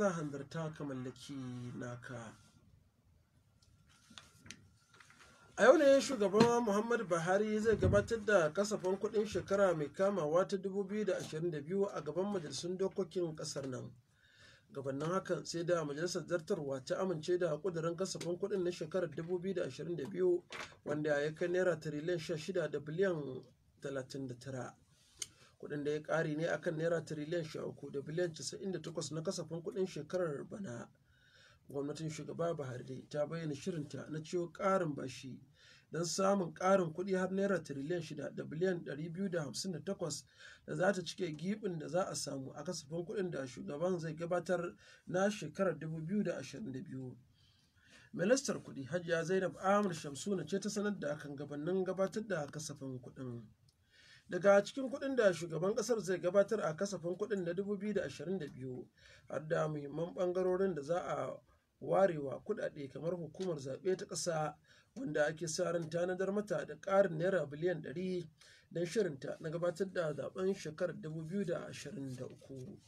za hanzarta ka mallaki naka a yau ne shugaban muhammadu buhari zai gabatar da kasafin kudin shekara mai kamawa ta 2022 a gaban majalisun dokokin kasar nan gabanin hakan sai da majalisar zartarwa ta amince da kudurin kasafin kudin na shekarar 2022 wanda ya kai naira tiriliyan 16 da biliyan 39 Kudin da ya ƙari ne akan naira tiriliyan sha uku da biliyan casa'in da takwas na kasafin kuɗin shekarar bana gwamnatin shugaba buhari dai ta bayyana shirinta na ciwo ƙarin bashi don samun ƙarin kuɗi har naira tiriliyan shida da biliyan ɗari biyu da hamsin da takwas da za ta cike giɓin da za a samu a kasafin kuɗin da shugaban zai gabatar na shekarar dubu biyu da ashirin da biyu ministar kuɗi hajiya zainab Amir shamsuna ce ta sanar da kan gabanin gabatar da kasafin kuɗin daga cikin kuɗin da shugaban ƙasar zai gabatar a kasafin kuɗin na 2022 har da muhimman bangarorin da za a warewa kuɗaɗe kamar hukumar zaɓe ta ƙasa wanda ake sa tanadar mata da ƙarin naira biliyan 100 don shirinta na gabatar da zaben shekarar 2023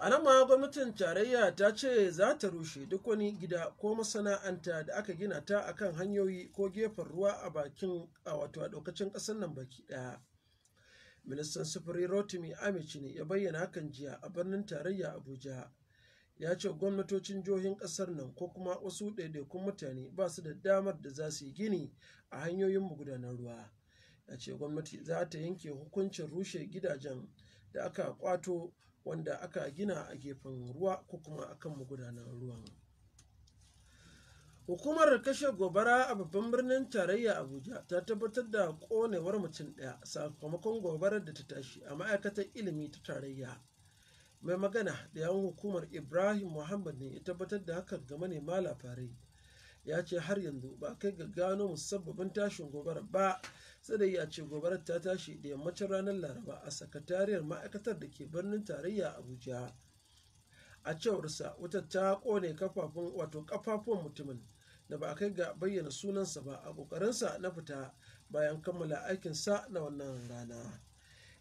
a ma gwamnatin tarayya ta ce za ta rushe duk wani gida ko masana'anta da aka gina ta akan hanyoyi ko gefen ruwa a bakin a wato a ɗaukacin ƙasar nan baki ɗaya ministan sufuri rotimi amici ne ya bayyana hakan jiya a birnin tarayya abuja ya ce gwamnatocin jihohin ƙasar nan ko kuma wasu ɗaiɗaikun mutane ba su da damar da za su yi gini a hanyoyin magudanar ruwa ya ce gwamnati za ta yanke hukuncin rushe gidajen da aka kwato wanda aka gina a gefen ruwa ko kuma akan magudanan ruwan hukumar kashe gobara a babban birnin tarayya abuja ta tabbatar da konewar mutum ɗaya sakamakon gobarar da ta tashi a ma'aikatar ilimi ta tarayya mai magana da yawon hukumar ibrahim muhammad ne ya tabbatar da hakan ga manema labarai ya ce har yanzu ba kai ga gano musabbabin tashin gobara ba sai ya ce gobarar ta tashi da yammacin ranar laraba a sakatariyar ma'aikatar da ke birnin tarayya abuja a cewarsa wata ta kone kafafun wato kafafun mutumin da ba kai ga bayyana sunansa ba a kokarinsa na fita bayan kammala aikinsa na wannan rana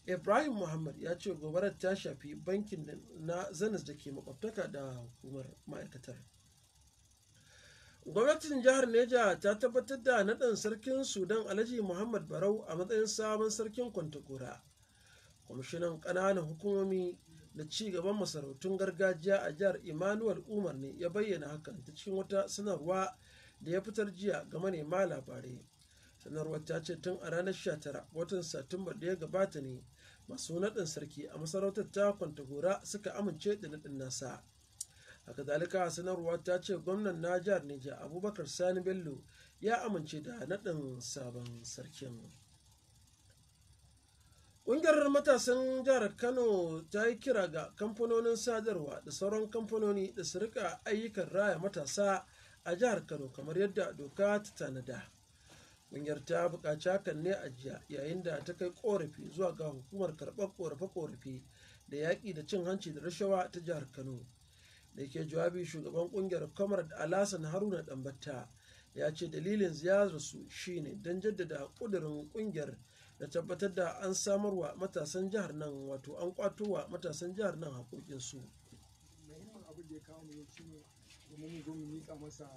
ibrahim muhammad ya ce gobarar ta shafi bankin na zanis da ke makwabtaka da hukumar ma'aikatar gwamnatin jihar neja ta tabbatar da naɗin sarkin sudan alhaji muhammad barau a matsayin sabon sarkin kwantakura kwamishinan ƙananan hukumomi da ci gaban masarautun gargajiya a jihar emmanuel umar ne ya bayyana hakan ta cikin wata sanarwa da ya fitar jiya ga manema labarai sanarwar ta ce tun a ranar 19 watan satumba da ya gabata ne masu naɗin sarki a masarautar ta kwantagora suka amince da naɗin nasa haka a sanarwa ta ce gwamnan najar nijar abubakar sani bello ya amince da naɗin sabon sarkin ƙungiyar matasan jihar kano ta yi kira ga kamfanonin sadarwa da sauran kamfanoni da su rika ayyukan raya matasa a jihar kano kamar yadda doka ta tanada ƙungiyar ta buƙaci hakan ne a jiya yayin da ta kai ƙorafi zuwa ga hukumar karɓar ƙorafe-ƙorafe da yaƙi da cin hanci da rashawa ta jihar kano da ke jawabi shugaban kungiyar comrade alasan haruna dambata ya ce dalilin ziyararsu shine don jaddada kudurin kungiyar da tabbatar da an samarwa matasan jihar nan wato an kwatowa matasan jihar nan hakokinsu muhimmin ya kawo masa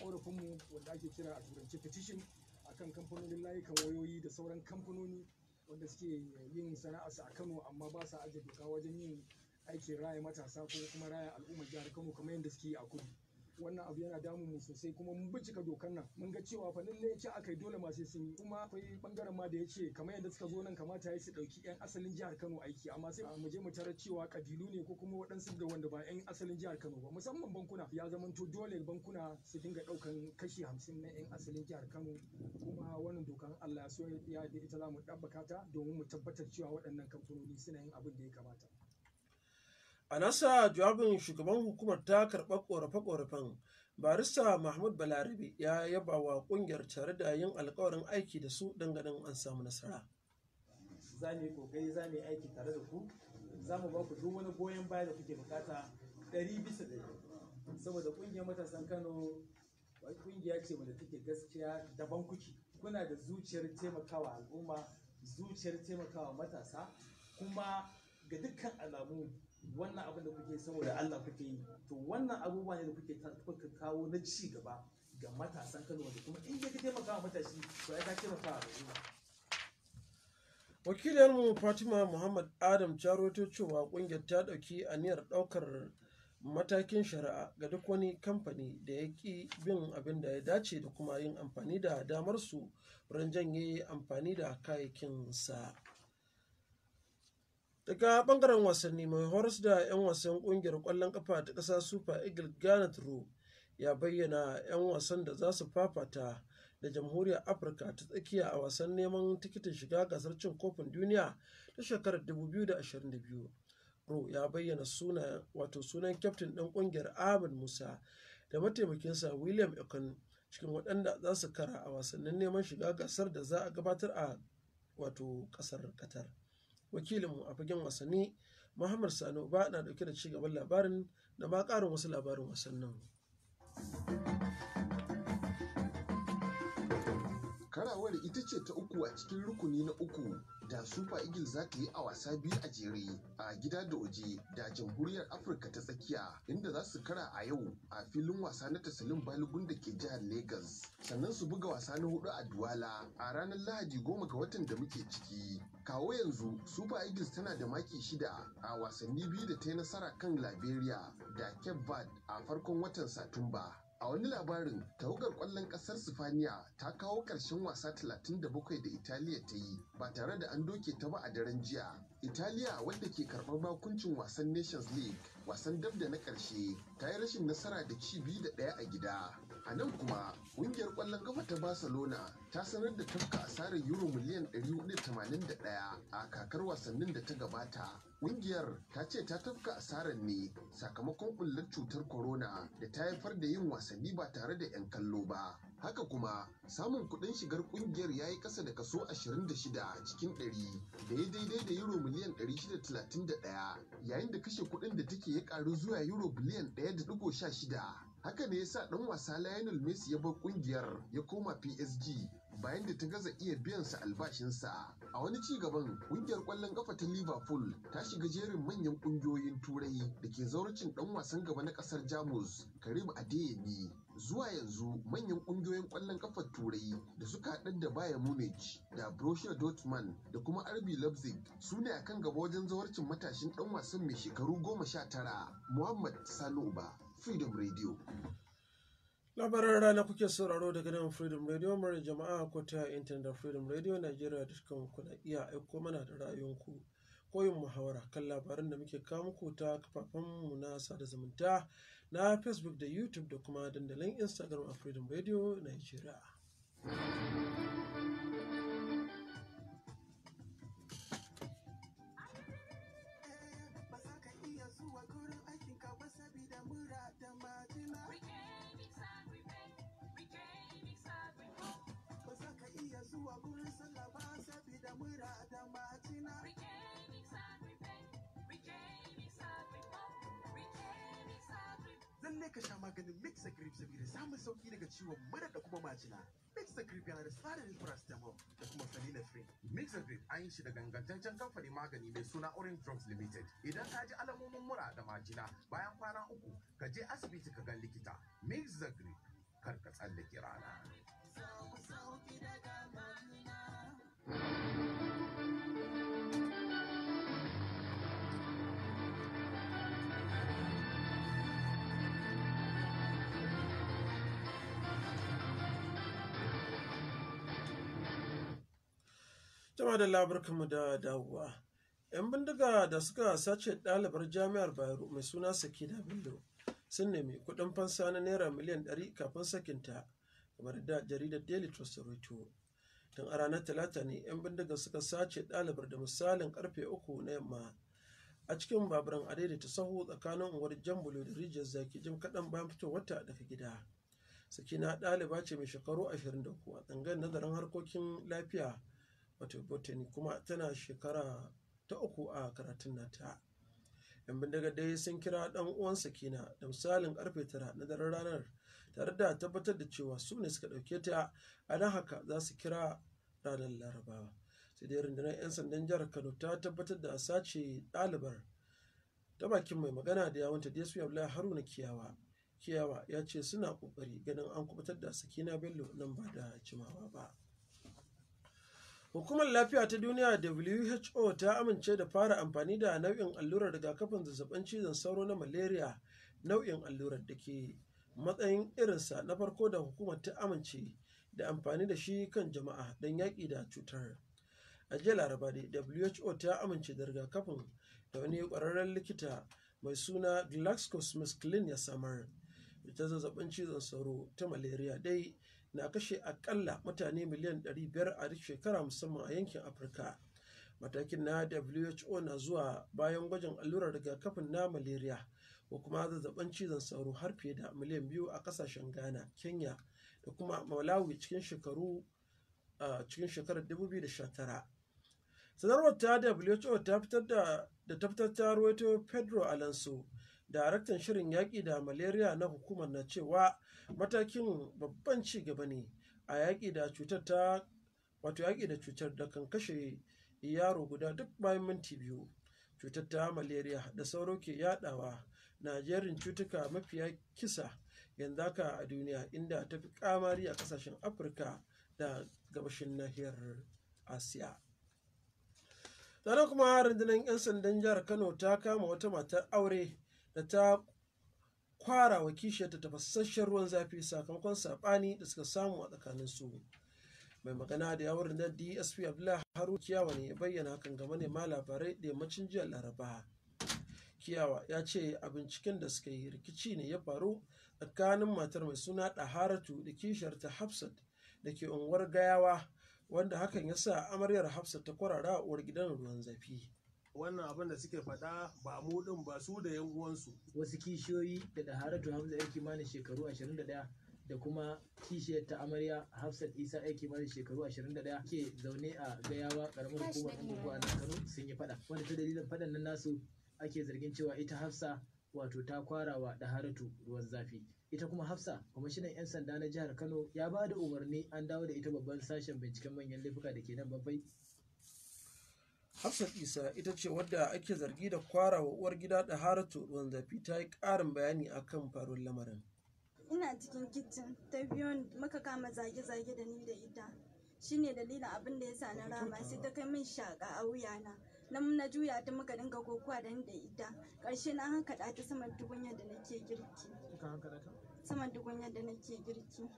ƙorafinmu wanda ake kira a turanci petition akan kamfanonin layukan wayoyi da sauran kamfanoni wanda suke yin sana'a a kano amma ba sa ajiye doka wajen yin aikin raya matasa ko kuma raya al'umma jihar Kano kamar yadda suke yi a kudu wannan abu yana damun mu sosai kuma mun bincika dokar nan mun ga cewa fa lalle yace akai dole ma sai sun yi kuma akwai bangaren ma da yace kamar yadda suka zo nan kamata yayi su dauki yan asalin jihar Kano aiki amma sai mu je mu tarar cewa kabilu ne ko kuma waɗansu da wanda ba yan asalin jihar Kano ba musamman bankuna ya zamanto dole bankuna su dinga daukan kashi 50 na yan asalin jihar Kano kuma wannan dokar Allah ya so ya da ita za mu dabbaka ta domin mu tabbatar cewa waɗannan kamfanoni suna yin abin da ya kamata a nasa jawabin shugaban hukumar ta karɓa ƙorafe-ƙorafen barista mahmud balarabe ya yaba wa ƙungiyar tare da yin alkawarin aiki da su ganin an samu nasara za mu yi kokari za mu aiki tare da ku za mu ba ku duk wani goyon baya da kuke bukata ɗari bisa ɗari saboda ƙungiyar matasan kano ƙungiya ce wanda take gaskiya daban kuke kuna da zuciyar taimakawa al'umma zuciyar taimakawa matasa kuma ga dukkan alamu wannan abin da kuke saboda Allah kuke yi to wannan abubuwa ne da kuke kuka kawo na ci gaba ga matasan Kano da kuma in ka taimaka wa matashi to ai ka taimaka wa al'umma mu fatima muhammad adam ta cewa kungiyar ta dauki aniyar daukar matakin shari'a ga duk wani kamfani da ya ki bin abin da ya dace da kuma yin amfani da damar su wurin janye amfani da kayayyakin sa. daga bangaren wasanni mai horas da 'yan wasan kungiyar kwallon kafa ta kasa super eagles garnet rowe ya bayyana 'yan wasan da za su fafata da jamhuriyar afirka ta tsakiya a wasan neman tikitin shiga gasar cin kofin duniya ta shekarar 2022 rowe ya bayyana sunan wato sunan kyaftin ɗin kungiyar ahmed musa da mataimakinsa william ekon cikin waɗanda za su kara a wasannin neman shiga gasar da za a gabatar a wato ƙasar qatar wakilinmu a fagen wasanni muhammad sani ba na dauke da cigaban labarin da ma karin wasu labarin wasannin karawar ita ce ta uku a cikin rukuni na uku da super eagles za ta yi a wasa biyu a jere a gida da waje da jamhuriyar afirka ta tsakiya inda za su kara a yau a filin wasa na tasalin balogun da ke jihar lagos sannan su buga wasa na hudu a duwala a ranar lahadi goma ga watan da muke ciki kawo yanzu super eagles tana da maki shida a wasanni biyu da ta yi nasara kan liberia da cape verde a farkon watan satumba A wani labarin, tawagar ƙwallon ƙasar Sifaniya ta kawo ƙarshen wasa 37 da Italiya ta yi ba tare da an doke ta ba a daren jiya. Italiya wadda ke karɓar bakuncin wasan Nations League wasan dab da na ƙarshe ta yi rashin nasara da ci biyu da ɗaya a gida. a nan kuma ƙungiyar ƙwallon kafa ta barcelona ta sanar da tafka asarar euro miliyan 481 a kakar wasannin da ta gabata ƙungiyar ta ce ta tafka asarar ne sakamakon bullar cutar corona da ta haifar da yin wasanni ba tare da 'yan kallo ba haka kuma samun kuɗin shigar ƙungiyar ya yi ƙasa da kaso 26 cikin 100 da ya daidai da euro miliyan 631 yayin da kashe kuɗin da take ya karu zuwa euro biliyan 1.16 Haka ne yasa 'dan wasa Lionel Messi ya bar kungiyar ya koma PSG bayan da ta gaza iya biyan sa albashin sa A wani ci gaban kungiyar kwallon ƙafa ta Liverpool ta shiga jerin manyan kungiyoyin Turai da ke zawarcin dan wasan gaba na ƙasar Jamus Karim Adeyemi. Zuwa yanzu manyan kungiyoyin ƙwallon ƙafar Turai da suka haɗar da Bayern Munich da Borussia Dortmund da kuma RB Leipzig su ne akan gaba wajen zawarcin matashin dan wasan mai shekaru goma sha tara Muhammad Sani Uba. freedom radio labaran rana kuke sauraro daga nan freedom radio mara jama'a ko ta intanet da freedom radio Nigeria 'Ku kuna iya aiko mana da ra'ayinku koyin muhawara kan labaran da muke kawo muku ta mu na sada zumunta na facebook da youtube da kuma dandalin instagram a freedom radio nigeria da mura da Lallai ka sha maganin Mixa Grip saboda samun sauki daga ciwon mura da kuma majina. Mixer Grip yana da tsarin paracetamol da kuma phenylephrine. Mixer Grip an yi shi da gangantaccen kamfanin magani mai suna Orange Drugs Limited. Idan ka ji alamomin mura da majina bayan kwana uku, ka je asibiti ka ga likita. Mixer Grip kar ka tsallake rana. Sau sauki daga majina. Jama'a da labarkanmu da dawowa. 'Yan bindiga da suka sace ɗalibar jami'ar Bayero mai suna Sakina Bello sun nemi kuɗin fansa na Naira miliyan 100 kafin sakinta, kamar da jaridar Daily Trust rawaito. tun a ranar talata ne 'yan bindigar suka sace ɗalibar da misalin karfe uku na yamma a cikin baburan a daidaita sahu tsakanin unguwar jambulo da rijiyar zaki jim kaɗan bayan wata daga gida sakina ɗaliba ce mai shekaru 23 a tsangar nazarin harkokin lafiya wato botany kuma tana shekara ta uku a karatun nata yan bindigar dai sun kira ɗan uwan sakina da misalin karfe tara na daren ranar tare da tabbatar da cewa su ne suka ɗauke ta a nan haka za su kira ranar larabawa sai dai rundunar 'yan sandan jihar kano ta tabbatar da sace ɗalibar ta bakin mai magana da yawanta dai abdullahi haruna kiyawa kiyawa ya ce suna ƙoƙari ganin an kubutar da sakina bello nan ba da jimawa ba Hukumar Lafiya ta Duniya WHO ta amince da fara amfani da nau'in allurar rigakafin zazzabin cizon sauro na malaria nau'in allurar da ke matsayin irinsa na farko da hukumar ta amince da amfani da shi kan jama'a don yaƙi da cutar. A jiya Laraba da WHO ta amince da rigakafin da wani ƙwararren likita mai suna GlaxoSmithKline ya samar. Ita zazzabin cizon sauro ta malaria dai na kashe akalla mutane miliyan 500 a duk shekara musamman a yankin Afirka. Matakin na WHO na zuwa bayan gwajin allurar rigakafin na malaria. ko kuma zazzaɓin cizon sauro har fiye da miliyan biyu a ƙasashen ghana kenya da kuma malawi cikin shekaru cikin shekarar 2019 sanarwar ta who ta fitar da ta fitar ta ruwaito pedro alonso daraktan shirin yaƙi da malaria na hukumar na cewa matakin babban ci gaba ne a yaƙi da cutar ta wato yaƙi da cutar da kan kashe yaro guda duk bayan minti biyu cutar ta malaria da sauro ke yadawa na jerin cutuka mafiya kisa yanzu haka a duniya inda ta fi kamari a kasashen afirka da gabashin nahiyar asiya sannan kuma rundunar 'yan sandan jihar kano ta kama wata matar aure da ta kwara wa kishiyarta tafasasshen ruwan zafi sakamakon saɓani da suka samu a tsakaninsu mai magana da yawon rundunar dsp abdullahi haru kiyawa ne ya bayyana hakan ne ma labarai da yammacin jiya laraba kiyawa ya ce a binciken da suka yi rikici ne ya faru tsakanin matar mai suna ɗaharatu da kishiyarta hafsat da ke unguwar gayawa wanda hakan ya sa amaryar hafsat ta kwarara a uwar gidan ruwan zafi wannan abin da suke faɗa ba mu din ba su da yan uwansu wasu kishiyoyi da ɗaharatu hamza yar kimanin shekaru 21 da kuma kishiyar ta amarya hafsat isa aiki kimanin shekaru 21 ke zaune a gayawa karamar hukumar ungugu a kano sun yi faɗa wanda ta dalilin fadan nan nasu ake zargin cewa ita hafsa wato ta kwarawa da haratu ruwan zafi ita kuma hafsa kwamishinan 'yan sanda na jihar kano ya ba da umarni an dawo da ita babban sashen binciken manyan laifuka da ke nan bafai Hafsa isa ita ce wadda ake zargi da kwarawa uwar gida da haratu ruwan zafi ta yi ƙarin bayani akan faruwar lamarin ina cikin kicin ta biyo muka kama zage-zage da ni da ita shine dalilin abin da ya sa na rama sai ta kai min shaka a wuyana nan na juya ta muka dinga kokowa da da ita ƙarshe na hankaɗa ta saman tukunyar da nake girki saman dubun yadda nake girki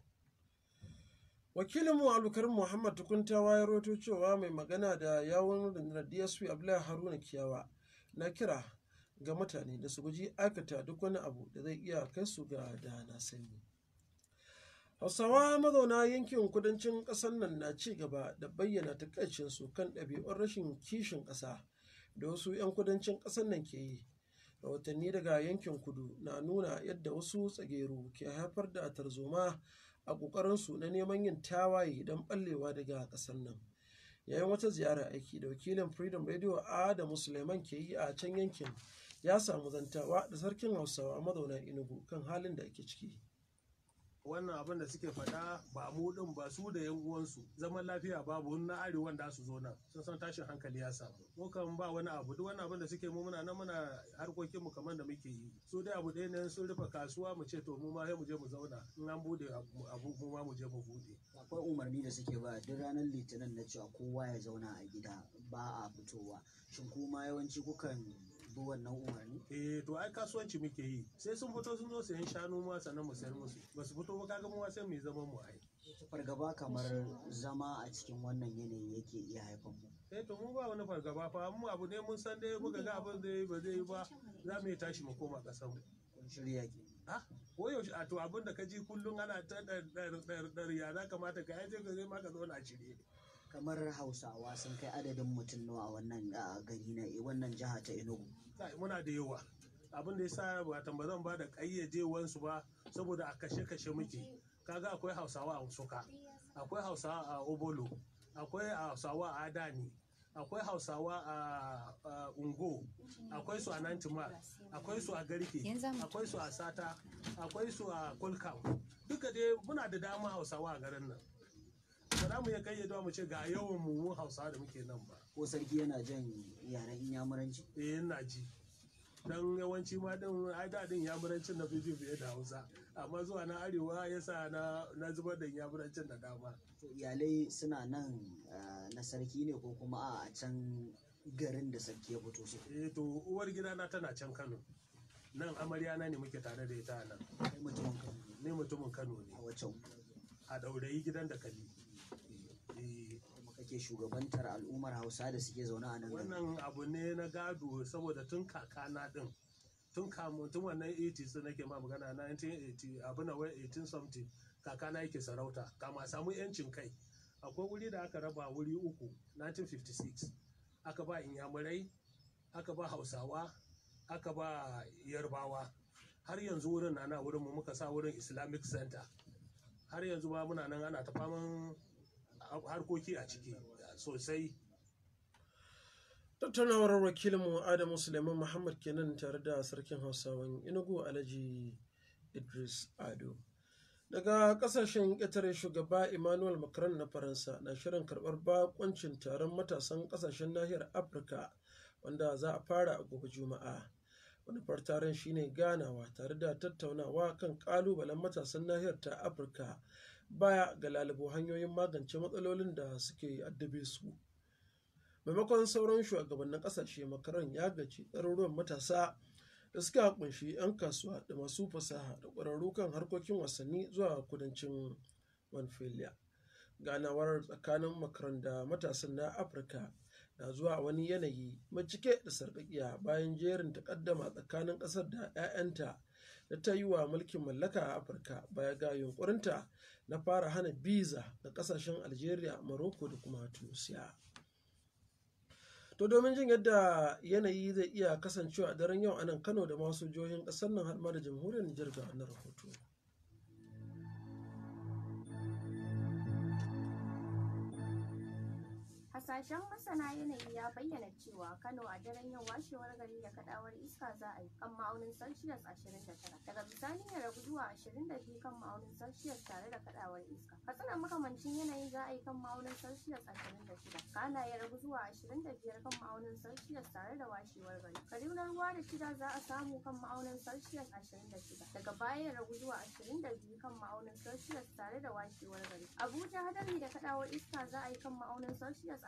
wakilinmu alukar muhammad tukuntawa ya roto cewa mai magana da yawon rundunar dsp abdullahi haruna kiyawa na kira ga mutane da su guji aikata duk wani abu da zai iya kai su ga dana sanyi Hausawa mazauna yankin kudancin ƙasar nan na ci gaba da bayyana takaicinsu kan ɗabi'un rashin kishin ƙasa da wasu 'yan kudancin ƙasar nan ke yi. Rahotanni daga yankin kudu na nuna yadda wasu tsageru ke haifar da tarzoma a ƙoƙarinsu na neman yin tawaye don ɓallewa daga ƙasar nan. Yayin wata ziyara aiki da wakilin Freedom Radio da musulman ke yi a can yankin ya samu zantawa da sarkin Hausawa mazauna inugu kan halin da ake ciki. wannan abin da suke faɗa ba mu din ba su da yan uwansu zaman lafiya babu na arewan da su zo nan sun san tashin hankali ya samu mu kan ba wani abu duk wannan abin da suke mu muna nan muna harkokin mu kamar da muke yi su dai abu ɗaya ne sun rufe kasuwa mu ce to mu ma sai mu je mu zauna in an bude abu mu ma mu je mu bude akwai umarni da suke ba duk ranar litinin na cewa kowa ya zauna a gida ba a fitowa shin kuma yawanci kukan bi wannan umarni? Eh to ai kasuwanci muke yi sai sun fito sun zo sayan shanu ma sannan mu sayar musu ba su fito ba kaga mu sai mu zaman mu ai. Fargaba kamar zama a cikin wannan yanayi yake iya haifan mu. Eh to mu ba wani fargaba fa mu abu ne mun san dai muka ga abin zai ba zai yi ba za mu tashi mu koma ƙasar mu. Kun shirya ke. Ah ko yau a to abin da ka ji kullum ana ta ɗar ɗar ɗar ya kamata ka yaje ka zai ma ka zauna a shirye. kamar hausawa sun kai adadin mutum nawa a wannan gari na eh, wannan jiha ta enugu muna da yawa abin da ya sa ba zan ba da su ba saboda a kashe-kashe muke kaga akwai hausawa a suka akwai hausawa a obolo akwai hausawa a adani akwai hausawa a ungo akwai su a nantimar akwai su a garke akwai su a sata akwai su a kulkam duka dai muna da dama hausawa a garin nan za mu iya kayyada mu ce ga yawan mu mu hausa da muke nan ba ko sarki yana jan yaren inyamuranci eh yana ji dan yawanci ma din ai da din yamurancin na fiji fiye da hausa amma zuwa na arewa yasa na na zubar da yamurancin da dama to iyalai suna nan na sarki ne ko kuma a can garin da sarki ya fito su eh to uwar gida na tana can Kano nan amarya na ne muke tare da ita nan ne mutumin Kano ne a daurayi gidan da kali Eh, kuma kake shugabantar al'ummar hausa da suke zaune a nan wannan abu ne na gado saboda tun kakana din tun kamun tun wannan 80 su nake ma magana 1980 abu na wai 18 something kakana yake sarauta kama samu yancin kai akwai wuri da aka raba wuri uku 1956 aka ba inyamurai aka ba hausawa aka ba yarbawa har yanzu wurin na na wurin mu muka sa wurin islamic center har yanzu ba muna nan ana ta faman harkoki a ciki sosai tattaunawar wakilinmu adamu suleiman muhammad kenan tare da sarkin hausawan inugu alhaji idris ado daga kasashen ƙetare shugaba emmanuel macron na faransa na shirin karɓar bakoncin taron matasan ƙasashen nahiyar afirka wanda za a fara a gobe juma'a manufar taron shine ganawa tare da tattaunawa kan ƙalubalen matasan nahiyar ta afirka baya ga lalibu hanyoyin magance matsalolin da suke addabe su maimakon sauran shugabannin ƙasashe makaran ya gaci ɗaruruwan matasa da suke kunshi 'yan kasuwa da masu fasaha da ƙwararru kan harkokin wasanni zuwa kudancin manfiliya ganawar tsakanin makaran da matasan na afirka na zuwa wani yanayi mai cike da sarƙaƙiya bayan jerin takaddama tsakanin ƙasar da 'ya'yanta da ta yi wa mulkin mallaka a afirka baya ga yunkurinta na fara hana biza ga kasashen algeria morocco da kuma tunisia to domin jin yadda yanayi zai iya kasancewa a daren yau a nan kano da masu jihohin ƙasar nan har ma da jamhuriyar nijar ga wannan rahoto Hasashen masana yanayi ya bayyana cewa Kano a daren yau washewar gari da kadawar iska za a yi kan ma'aunin Celsius 29. Daga bisani ya ragu zuwa 22 kan ma'aunin Celsius tare da kadawar iska. Katsina makamancin yanayi za a yi kan ma'aunin Celsius 26. Kana ya ragu zuwa 25 kan ma'aunin Celsius tare da washewar gari. Kaduna ruwa da shida za a samu kan ma'aunin Celsius 26. Daga baya ya ragu zuwa 22 kan ma'aunin Celsius tare da washewar gari. Abuja hadari da kadawar iska za a yi kan ma'aunin Celsius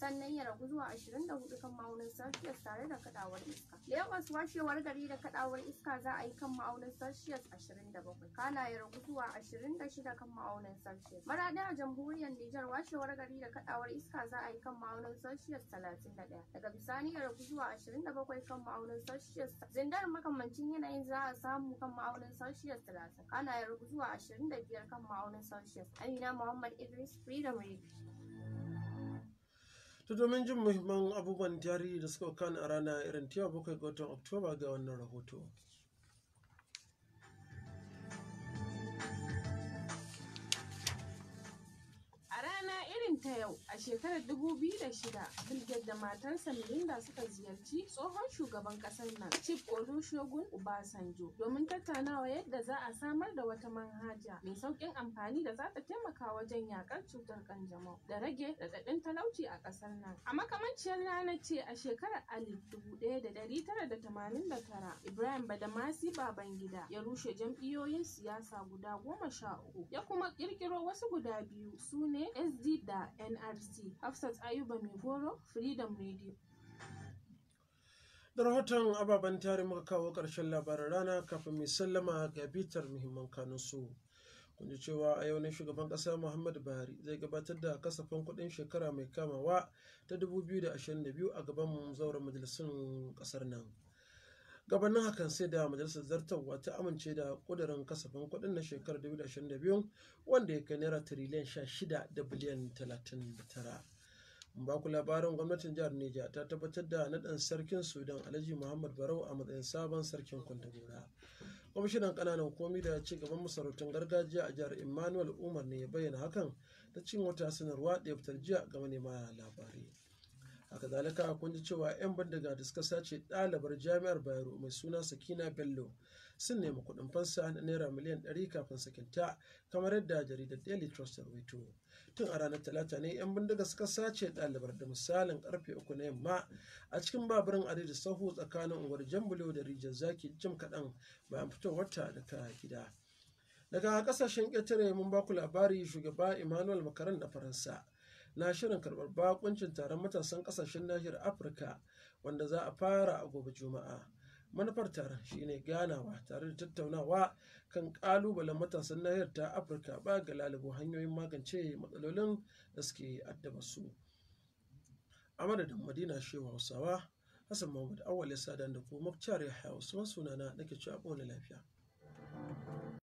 sannan ya ragu zuwa 24 kan ma'aunin celsius tare da kadawar iska lagos washewar gari da kadawar iska za a yi kan ma'aunin celsius 27 kana ya ragu zuwa 26 kan ma'aunin celsius maradi a jamhuriyar nijar washewar gari da kadawar iska za a yi kan ma'aunin celsius 31 daga bisani ya ragu zuwa 27 kan ma'aunin celsius zindar makamancin yanayin za a samu kan ma'aunin celsius 30 kana ya ragu zuwa 25 kan ma'aunin celsius amina muhammad idris freedom radio To domin jin muhimman abubuwan tarihi da suka kan a rana irin tiyar bakwai ga watan Oktoba ga wannan rahoto. ta yau a shekarar 2006 shida, da matarsa melinda suka ziyarci tsohon shugaban kasar nan chief olusegun obasanjo domin tattaunawa yadda za a samar da wata manhaja mai sauƙin amfani da za ta taimaka wajen yakar cutar kanjamau da rage raɗaɗin talauci a kasar nan a makamanciyar rana ce a shekarar alif 1989 ibrahim badamasi babangida ya rushe jam'iyyoyin siyasa guda goma sha uku ya kuma ƙirƙiro wasu guda biyu su ne sd da nrc hafsat ayuba mai horo freedom radio da rahoton ababen tare muka kawo ƙarshen labaran rana kafin mai sallama ga bitar muhimman su kun ji cewa a yau ne shugaban ƙasa muhammadu buhari zai gabatar da kasafin kuɗin shekara mai kamawa ta 2022 a gaban zauren majalisun ƙasar nan gabanin hakan sai da majalisar zartarwa ta amince da kudirin kasafin kudin na shekarar 2022 wanda ya kai naira tiriliyan 16 da biliyan 39 ba ku labarin gwamnatin jihar Neja ta tabbatar da naɗin sarkin Sudan Alhaji Muhammad Barau a matsayin sabon sarkin Kwantagora. Kwamishinan kananan komi da ci gaban masarautun gargajiya a jihar Emmanuel Umar ne ya bayyana hakan ta cin wata sanarwa da ya fitar jiya ga manema labarai. a zalika a ji cewa 'yan bindiga da suka sace dalibar jami'ar bayero mai suna sakina bello sun nemi kudin fansa na naira miliyan 100 kafin sakin ta kamar yadda jaridar daily trust ta rubuto tun a ranar talata ne 'yan bindiga suka sace dalibar da misalin karfe uku na yamma a cikin baburin adadi sahu tsakanin unguwar jambulo da rijiyar zaki jim kaɗan bayan fitowar ta daga gida daga kasashen ƙetare mun baku labari shugaba emmanuel makaran na faransa na shirin karɓar bakuncin taron matasan ƙasashen nahiyar afirka wanda za a fara a gobe juma'a manufar taron shine ganawa tare da tattaunawa kan ƙalubalen matasan nahiyar ta afirka ba ga lalubo hanyoyin magance matsalolin da suke addaba su a madadin madina shewa hausawa hassan mahmud awal ya sadan da kuma muktar ya hausa sunana nake cewa lafiya